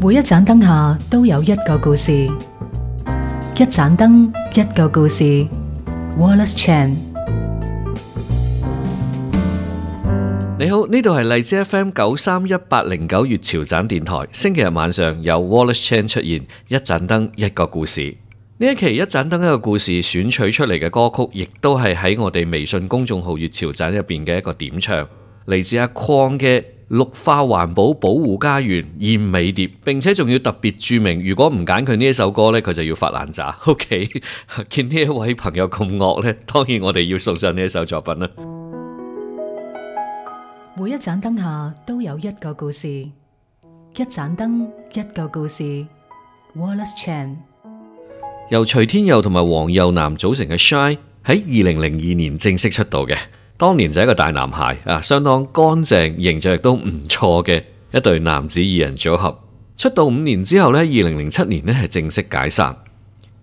每一盞燈下都有一個故事，一盞燈一個故事。Wallace Chan，你好，呢度係荔枝 FM 九三一八零九月潮盞電台，星期日晚上有 Wallace Chan 出現，一盞燈一個故事。呢一期一盞燈一個故事選取出嚟嘅歌曲，亦都係喺我哋微信公眾號月潮盞入邊嘅一個點唱，嚟自阿鄺嘅。綠化環保保護家園燕尾蝶，並且仲要特別註明，如果唔揀佢呢一首歌呢佢就要發爛渣。OK，見呢一位朋友咁惡呢，當然我哋要送上呢一首作品啦。每一盞燈下都有一個故事，一盞燈一個故事。Wallace Chan 由徐天佑同埋黃又南組成嘅 Shine 喺二零零二年正式出道嘅。當年就係一個大男孩啊，相當乾淨，形象亦都唔錯嘅一對男子二人組合。出道五年之後呢，二零零七年呢係正式解散。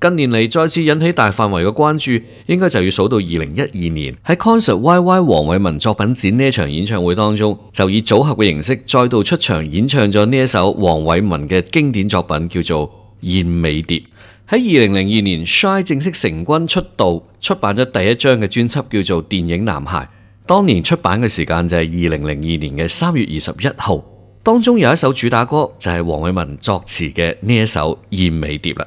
近年嚟再次引起大範圍嘅關注，應該就要數到二零一二年喺 Concert YY 黃偉文作品展呢場演唱會當中，就以組合嘅形式再度出場演唱咗呢一首黃偉文嘅經典作品，叫做《燕尾蝶》。喺二零零二年，Shine 正式成軍出道，出版咗第一張嘅專輯，叫做《電影男孩》。當年出版嘅時間就係二零零二年嘅三月二十一號。當中有一首主打歌就係黃偉文作詞嘅呢一首《燕尾蝶》啦。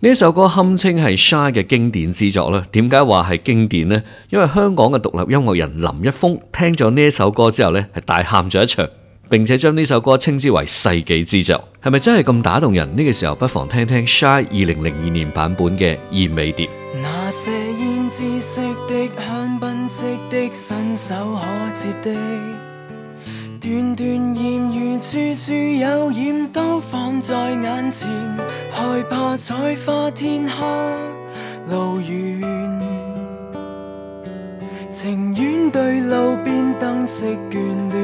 呢首歌堪稱係 Shine 嘅經典之作啦。點解話係經典呢？因為香港嘅獨立音樂人林一峰聽咗呢一首歌之後呢，係大喊咗一場。並且將呢首歌稱之為世紀之作，係咪真係咁打動人？呢、這個時候不妨聽聽 Shine 二零零二年版本嘅《燕尾蝶》。那些胭脂色的香檳色的伸手可折的，段段豔遇處處有染，都放在眼前，害怕彩花天黑路遠，情願對路邊燈色眷戀。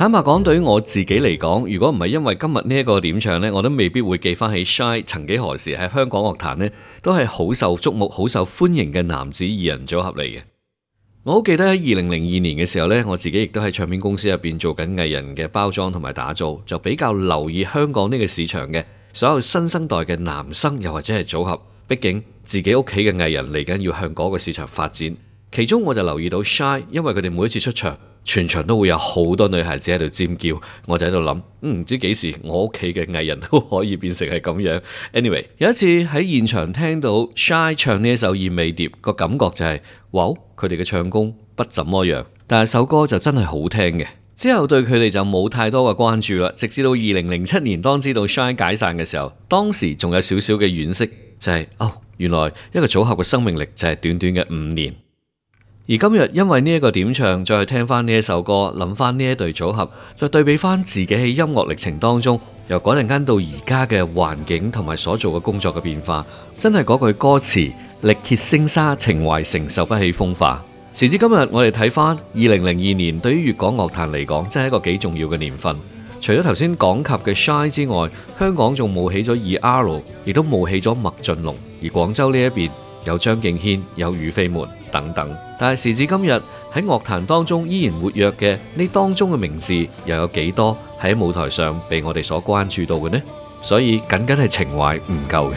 坦白講，對於我自己嚟講，如果唔係因為今日呢一個點唱呢，我都未必會記翻起 Shine 曾幾何時喺香港樂壇呢，都係好受注目、好受歡迎嘅男子二人組合嚟嘅。我好記得喺二零零二年嘅時候呢，我自己亦都喺唱片公司入邊做緊藝人嘅包裝同埋打造，就比較留意香港呢個市場嘅所有新生代嘅男生，又或者係組合。畢竟自己屋企嘅藝人嚟緊要向嗰個市場發展，其中我就留意到 Shine 因為佢哋每一次出場，全場都會有好多女孩子喺度尖叫，我就喺度諗，唔知幾時我屋企嘅藝人都可以變成係咁樣。anyway，有一次喺現場聽到 Shine 唱呢一首《燕尾蝶》，個感覺就係，哇！佢哋嘅唱功不怎麼樣，但係首歌就真係好聽嘅。之後對佢哋就冇太多嘅關注啦。直至到二零零七年，當知道 Shine 解散嘅時候，當時仲有少少嘅惋惜，就係，哦，原來一個組合嘅生命力就係短短嘅五年。而今日因為呢一個點唱，再去聽翻呢一首歌，諗翻呢一隊組合，再對比翻自己喺音樂歷程當中，由嗰陣間到而家嘅環境同埋所做嘅工作嘅變化，真係嗰句歌詞：力竭聲沙，情懷承受不起風化。時至今日，我哋睇翻二零零二年，對於粵港樂壇嚟講，真係一個幾重要嘅年份。除咗頭先講及嘅 Shine 之外，香港仲冒起咗 E.R.，亦都冒起咗麥浚龍。而廣州呢一邊。有張敬軒、有羽非們等等，但係時至今日喺樂壇當中依然活躍嘅呢，當中嘅名字又有幾多喺舞台上被我哋所關注到嘅呢？所以僅僅係情懷唔夠嘅。